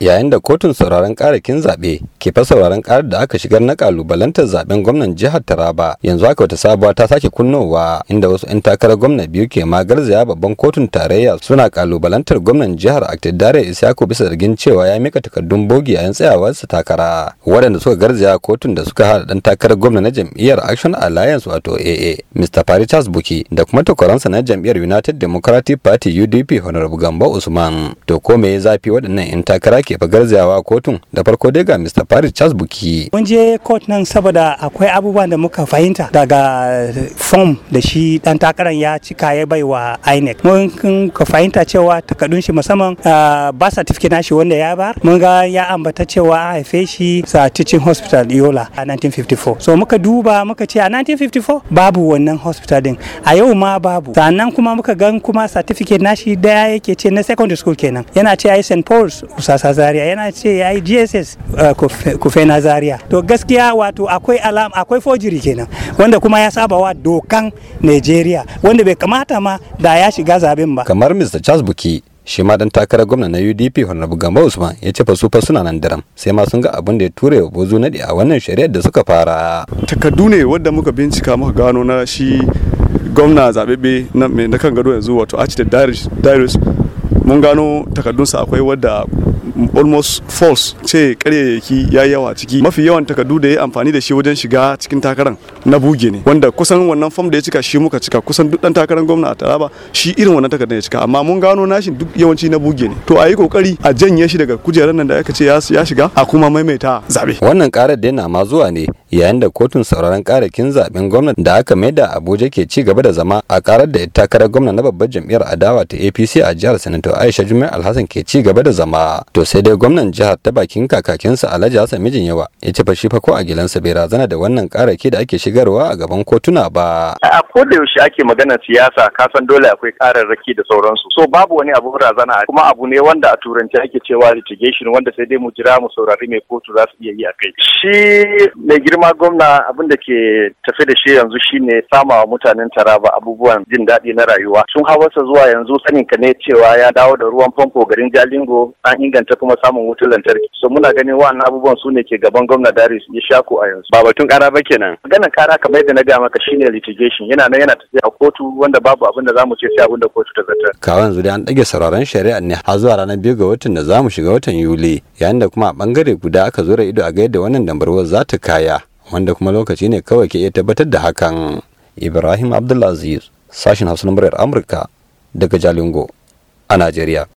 yayin da kotun sauraron karakin zaɓe ke fa sauraron karar da aka shigar na kalubalantar zaben gwamnan jihar taraba yanzu aka wata sabuwa ta sake kunnowa inda wasu 'yan takarar gwamna biyu ke ma babban kotun tarayya suna kalubalantar gwamnan jihar aktidare isyaku bisa zargin cewa ya mika takardun bogi yayin tsayawarsa takara waɗanda suka garzaya kotun da suka haɗa ɗan takarar gwamna na jam'iyyar action alliance wato aa mr paritas buki da kuma takwaransa na jam'iyyar united democratic party udp honorable gambo usman to ko me ya zafi waɗannan 'yan takara ke fagarzawa kotun da farko dai ga Mr. Farid Charles Buki. Mun je court nan saboda akwai abubuwan da muka fahimta daga eh, form da shi dan takarar ya cika ya bai wa INEC. Mun ka fahimta cewa takardun shi musamman eh, ba certificate nashi wanda ya bar. Mun ga ya ambata cewa a haife shi sa teaching hospital Yola a 1954. So muka duba muka ce a 1954 babu wannan hospital din. A yau ma babu. Sannan kuma muka gan kuma certificate nashi daya yake ce na secondary school kenan. Yana ce a St. Paul's Usasa Zaria yana ce ya yi GSS uh, kufe na Zaria to gaskiya wato akwai alam akwai fojiri kenan wanda kuma ya saba wa dokan Nigeria wanda bai kamata ma da ya shiga zaben ba kamar Mr. Charles Buki shi ma dan takarar gwamna na UDP Honorable Gambo Usman ya ce fasu fa suna nan daram sai ma sun ga abin da ya ture wa bozo nadi a wannan shari'ar da suka fara takardu ne wanda muka bincika muka gano na shi gwamna zabebe na kan gado yanzu wato Architect Darius mun gano takardunsa akwai wadda almost false ce karyayyaki ya yawa ciki mafi yawan takardu da ya amfani da shi wajen shiga cikin takarar na buge ne wanda kusan wannan fam da ya cika shi muka cika kusan duk dan takarar gwamna a taraba shi irin wannan takardar ya cika amma mun gano nashin duk yawanci na buge ne to a yi kokari a janye shi daga kujerar nan da aka ce ya shiga a kuma maimaita zabe wannan karar da yana ma zuwa ne yayin da kotun sauraron karakin zaben gwamnati da aka maida abuja ke ci gaba da zama a karar da ita karar gwamna na babbar jam'iyyar adawa ta apc a jihar sanato aisha jumai alhassan ke ci gaba da zama to sai dai gwamnan jihar ta bakin kakakinsa alhaji hassan mijin yawa ya ce fashi fa ko a gilansa bai razana da wannan karaki da ake shigarwa a gaban kotuna ba a koda yaushe ake magana siyasa kasan dole akwai kararraki da sauransu so babu wani abu razana kuma abu ne wanda a turanci ake cewa litigation wanda sai dai mu jira mu saurari mai kotu za su iya yi a kai shi mai ma gwamna abin da ke tafi da shi yanzu shine sama wa mutanen taraba abubuwan jin daɗi na rayuwa sun hawasa zuwa yanzu sanin ka ne cewa ya dawo da ruwan famfo garin jalingo an inganta kuma samun wutar lantarki so muna ganin wa'annan abubuwan su ne ke gaban gwamna daris ya shako a yanzu ba batun kara ba kenan maganan kara kamar yadda na gama maka shine litigation yana nan yana tafiya a kotu wanda babu abin da zamu ce sai abin da kotu ta zartar kawo yanzu dai an dage sauraron shari'a ne har zuwa ranar biyu ga watan da zamu shiga watan yuli yayin da kuma a bangare guda aka zura ido a ga yadda wannan dambarwar za ta kaya wanda kuma lokaci ne kawai ke iya tabbatar da hakan ibrahim abdulaziz sashen hausa na muryar amurka daga jalingo a najeriya